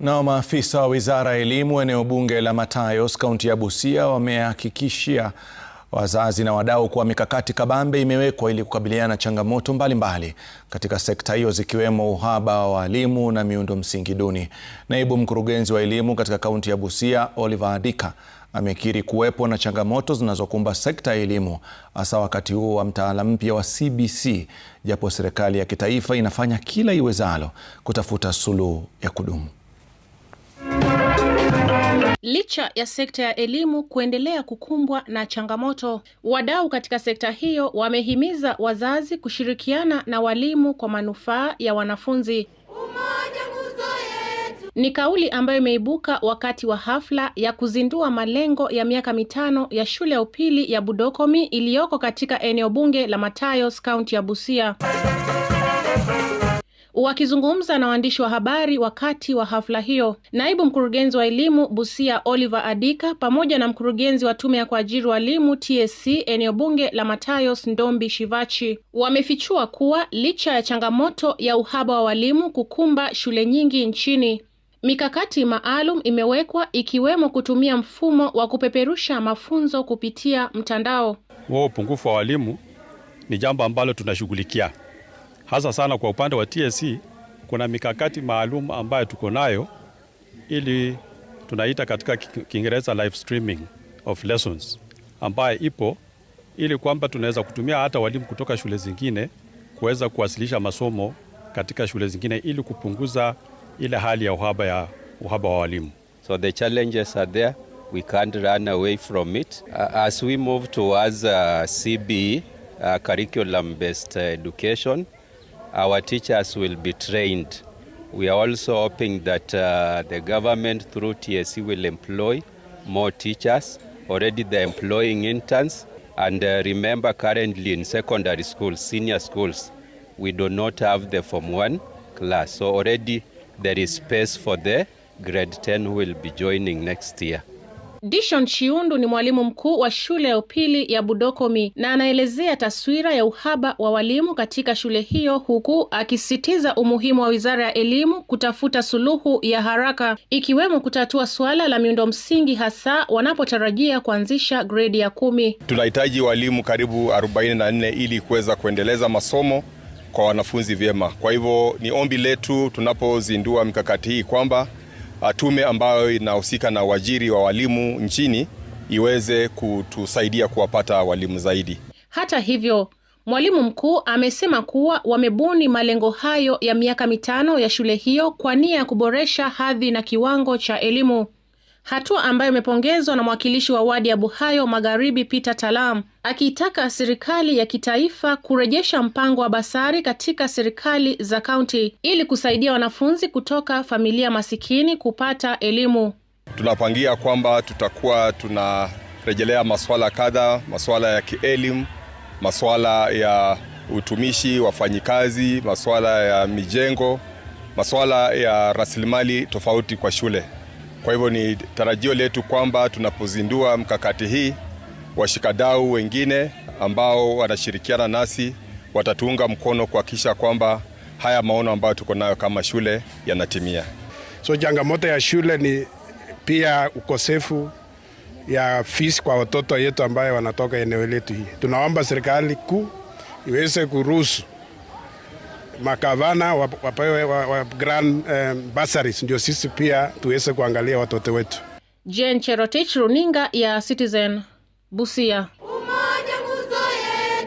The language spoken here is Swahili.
Na maafisa wa wizara ya elimu eneo bunge la Matayos kaunti ya Busia wamehakikishia wazazi na wadau kuwa mikakati kabambe imewekwa ili kukabiliana na changamoto mbalimbali mbali katika sekta hiyo zikiwemo uhaba wa walimu na miundo msingi duni. Naibu mkurugenzi wa elimu katika kaunti ya Busia Oliver Adika amekiri kuwepo na changamoto zinazokumba sekta ya elimu hasa wakati huu wa mtaala mpya wa CBC, japo serikali ya kitaifa inafanya kila iwezalo kutafuta suluhu ya kudumu. Licha ya sekta ya elimu kuendelea kukumbwa na changamoto, wadau katika sekta hiyo wamehimiza wazazi kushirikiana na walimu kwa manufaa ya wanafunzi. Ni kauli ambayo imeibuka wakati wa hafla ya kuzindua malengo ya miaka mitano ya shule ya upili ya Budokomi iliyoko katika eneo bunge la Matayos, kaunti ya Busia. Wakizungumza na waandishi wa habari wakati wa hafla hiyo, naibu mkurugenzi wa elimu Busia Oliver Adika pamoja na mkurugenzi wa tume ya kuajiri walimu TSC eneo bunge la Matayos Ndombi Shivachi wamefichua kuwa licha ya changamoto ya uhaba wa walimu kukumba shule nyingi nchini, mikakati maalum imewekwa ikiwemo kutumia mfumo wa kupeperusha mafunzo kupitia mtandao. Huo upungufu wa walimu ni jambo ambalo tunashughulikia hasa sana kwa upande wa TSC kuna mikakati maalum ambayo tuko nayo ili tunaita katika Kiingereza live streaming of lessons ambayo ipo ili kwamba tunaweza kutumia hata walimu kutoka shule zingine kuweza kuwasilisha masomo katika shule zingine ili kupunguza ile hali ya uhaba ya uhaba wa walimu. So the challenges are there. We can't run away from it. Uh, as we move towards uh, CBE, uh, curriculum based uh, education, our teachers will be trained. We are also hoping that uh, the government through TSC will employ more teachers. Already they're employing interns. And uh, remember, currently in secondary schools, senior schools, we do not have the Form 1 class. So already there is space for the grade 10 who will be joining next year. Dishon Chiundu ni mwalimu mkuu wa shule ya upili ya Budokomi na anaelezea taswira ya uhaba wa walimu katika shule hiyo huku akisisitiza umuhimu wa Wizara ya Elimu kutafuta suluhu ya haraka ikiwemo kutatua suala la miundo msingi hasa wanapotarajia kuanzisha gredi ya kumi. Tunahitaji walimu karibu 44 ili kuweza kuendeleza masomo kwa wanafunzi vyema. Kwa hivyo ni ombi letu tunapozindua mikakati hii kwamba Uh, tume ambayo inahusika na uajiri wa walimu nchini iweze kutusaidia kuwapata walimu zaidi. Hata hivyo, mwalimu mkuu amesema kuwa wamebuni malengo hayo ya miaka mitano ya shule hiyo kwa nia ya kuboresha hadhi na kiwango cha elimu hatua ambayo imepongezwa na mwakilishi wa wadi ya Buhayo Magharibi Peter Talam akiitaka serikali ya kitaifa kurejesha mpango wa basari katika serikali za kaunti ili kusaidia wanafunzi kutoka familia masikini kupata elimu. Tunapangia kwamba tutakuwa tunarejelea masuala kadha, masuala ya kielimu, masuala ya utumishi wafanyikazi, masuala ya mijengo, masuala ya rasilimali tofauti kwa shule. Kwa hivyo ni tarajio letu kwamba tunapozindua mkakati hii, washikadau wengine ambao wanashirikiana nasi watatuunga mkono kuhakikisha kwamba haya maono ambayo tuko nayo kama shule yanatimia. So changamoto ya shule ni pia ukosefu ya fees kwa watoto yetu ambayo wanatoka eneo letu hii. Tunaomba serikali kuu iweze kuruhusu makavana wapewe wa, wa grand um, bursaries ndio sisi pia tuweze kuangalia watoto wetu. Jane Cherotich, runinga ya Citizen, Busia.